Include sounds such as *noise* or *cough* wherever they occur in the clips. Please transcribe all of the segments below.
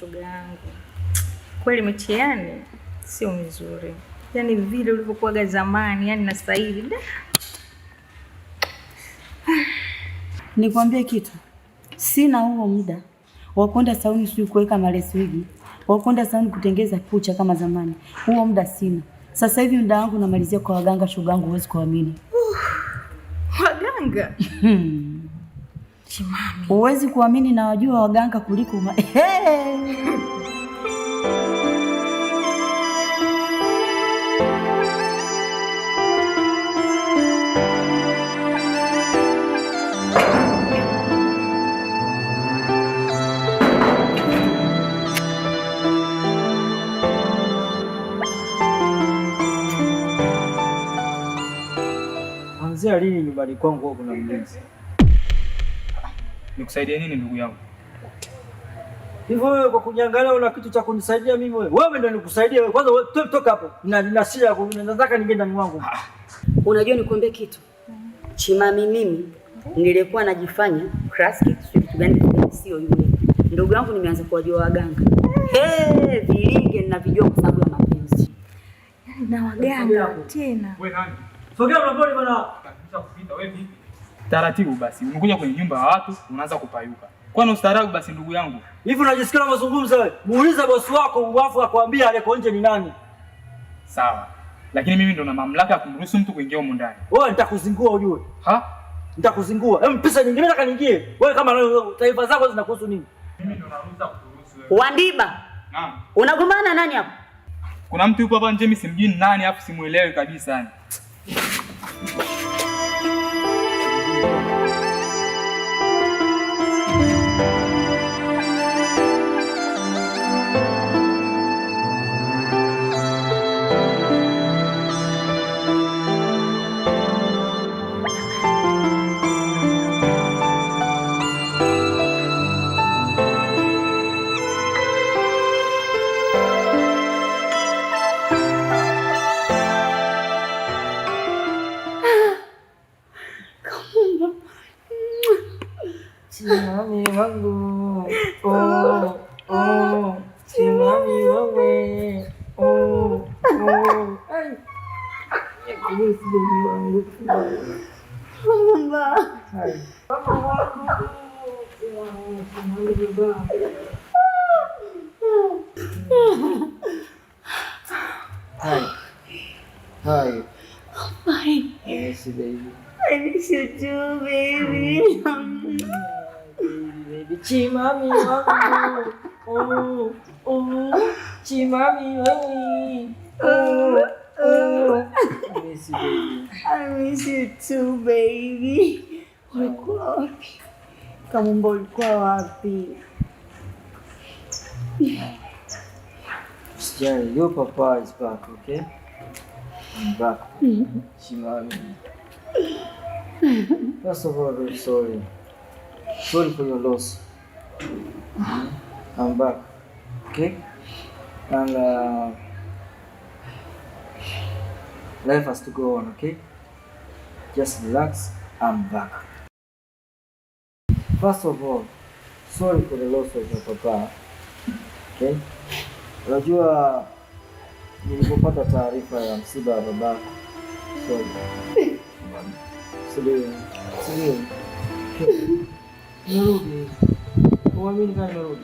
shoga yangu, kweli mitihani sio mizuri, yaani vile ulivyokuwaga zamani, yaani na sasa hivi Nikwambie kitu, sina huo muda wa kwenda sauni, sijui kuweka maleswigi, wa kwenda sauni kutengeza kucha kama zamani. Huo muda sina. Sasa hivi muda wangu namalizia kwa waganga, shoga yangu, huwezi kuamini. waganga *laughs* hmm uwezi Huwezi kuamini na wajua waganga kuliko *laughs* Anzia lini nyumbani kwangu kuna mlinzi? Nikusaidia nini ndugu yangu? Hivyo wewe kwa kuniangalia una kitu cha kunisaidia mimi wewe? Wewe ndio nikusaidia wewe. Kwanza wewe toka hapo. Na nina ninasia nataka ningeenda ndani wangu. Ah. Unajua nikwambie kitu. Chimami mimi nilikuwa najifanya classic sio kitu gani sio yule. Ndugu yangu nimeanza kuwajua waganga. Eh, vilinge ninavijua kwa sababu ya mapenzi. Na waganga tena. Wewe nani? Sogea unapole bwana. Kisha kupita wewe vipi? Taratibu basi unakuja kwenye nyumba ya watu unaanza kupayuka. Kwa nini ustaarabu basi ndugu yangu. Hivi unajisikia mazungumzo wewe? Muulize bosi wako uwafu akwambia aleko nje ni nani. Sawa. Lakini mimi ndo na mamlaka ya kumruhusu mtu kuingia huko ndani. Wewe nitakuzingua ujue. Ha? Nitakuzingua. Hem, pesa nyingine nataka niingie. Wewe kama taifa zako zinakuhusu nini? Mimi ndo naruhusa kukuruhusu wewe. Wandiba. Naam. Unagombana nani hapo? Kuna mtu yupo hapa nje mimi simjui nani, afu simuelewi kabisa yani. love *laughs* Oh, oh, me 한국 oh, 지맘이 와왜 오오 아이 이거 지금 이거 한국 엄마 아이 Hi. Hi. Oh my. I miss you, baby. I miss you too, baby. Oh, Timami, mami, oh, oh, Timami, mami, oh, oh. I miss you, I miss you too, baby. Volkoapi. Come on, Volkoapi. Christian, your papa is back, okay? I'm back. Timami. First of all, I'm sorry. Sorry for your loss. I'm back. Okay? And uh, life has to go on, okay? Just relax. I'm back. First of all, sorry for the loss of your papa. Okay? Unajua nilipopata taarifa ya msiba wa babako. Sorry. Sorry. Sorry. Sorry. Uamini kama narudi.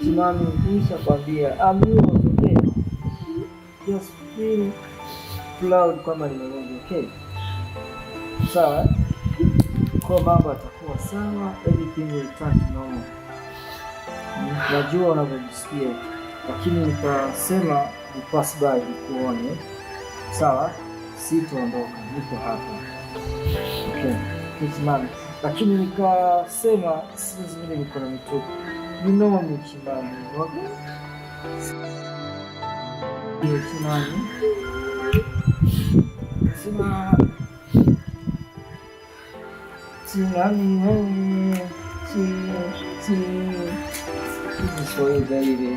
Simami, nisha kwambia. Ah, Just feel proud kama nimerudi, okay? Sawa? Kwa mambo atakuwa sawa, everything will turn normal. Najua unavyojisikia, lakini nikasema pass by kuone. Sawa? Sitaondoka, niko hapa. Okay. Simami lakini nikasema siku zingine niko na mtoto ni noma mkimbani kimani, sema simami Kiswahili zaidi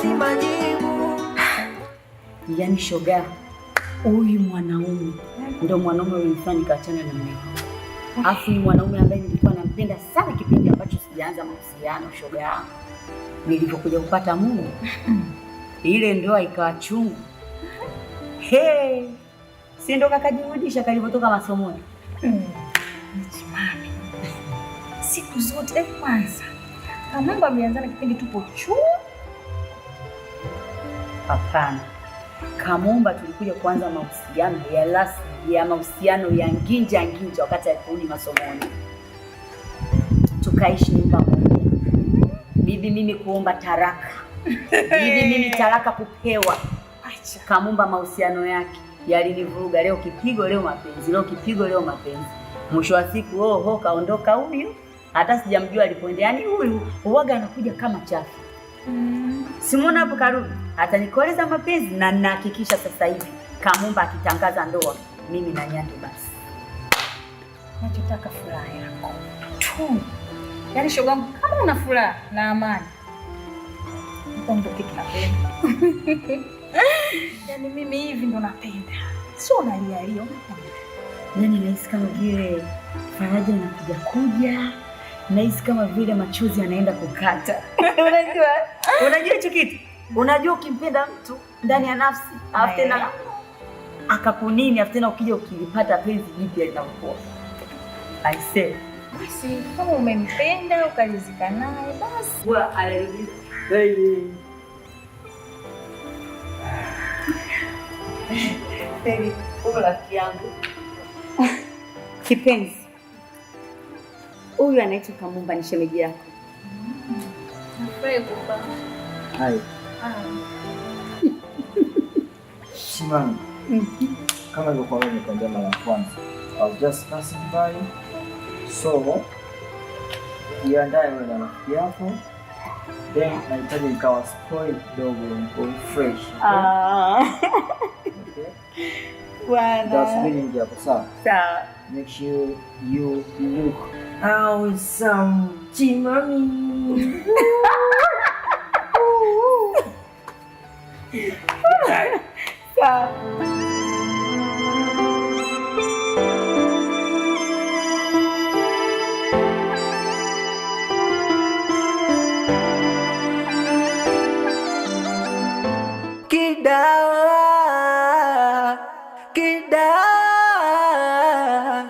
sipati majibu. *sighs* Yaani shoga, huyu mwanaume ndo mwanaume ulimfanya nikaachana na mume afu ni mwanaume ambaye nilikuwa nampenda sana kipindi ambacho sijaanza mahusiano. Shoga yangu, nilipokuja kupata Mungu, *laughs* ile ndoa ikawa chungu. Hey, si ndo kakajirudisha kalivyotoka masomoni hmm. Siku zote eh, kwanza, Kamanga ameanzana kipindi tupo chuo Hapana, Kamumba tulikuja kuanza mahusiano ya rasmi ya mahusiano ya nginja nginja wakati aliporudi masomoni, tukaishi nyumba moja. Bibi mimi kuomba taraka, bibi mimi taraka kupewa. Kamumba mahusiano yake yalinivuruga, leo kipigo, leo mapenzi, leo kipigo, leo mapenzi. Mwisho wa siku oho, oh, kaondoka huyu, hata sijamjua alipoenda. Yani huyu uwaga anakuja kama chafu, mm. simuona hapo karudi atanikoleza mapenzi na nahakikisha sasa hivi Kamumba akitangaza ndoa mimi na Nyandi basi. Nachotaka furaha yako tu. Yaani wangu, kama una furaha na amani kitu napenda. *laughs* Yaani mimi hivi ndo napenda, sio hiyo. Yaani nahisi kama vile faraja inakuja kuja, nahisi kama vile machozi yanaenda kukata. *laughs* Unajua, unajua hicho kitu Unajua, ukimpenda mtu ndani ya nafsi alafu tena akakunini, alafu tena ukija ukilipata penzi jipya linakuwa say basi kama umempenda ukalizika naye basi Baby. rafiki yangu kipenzi, huyu anaitwa Kamumba, ni shemeji yako. Mm. Hai. Shimani kama ilivyokuwa nikaongea mara ya kwanza, I was just passing by, so jiandae wewe na rafiki yako, then nahitaji nikawa spoil kidogo, niko fresh. Ah. So, Make sure you look awesome, Jimmy. *laughs* 对，对。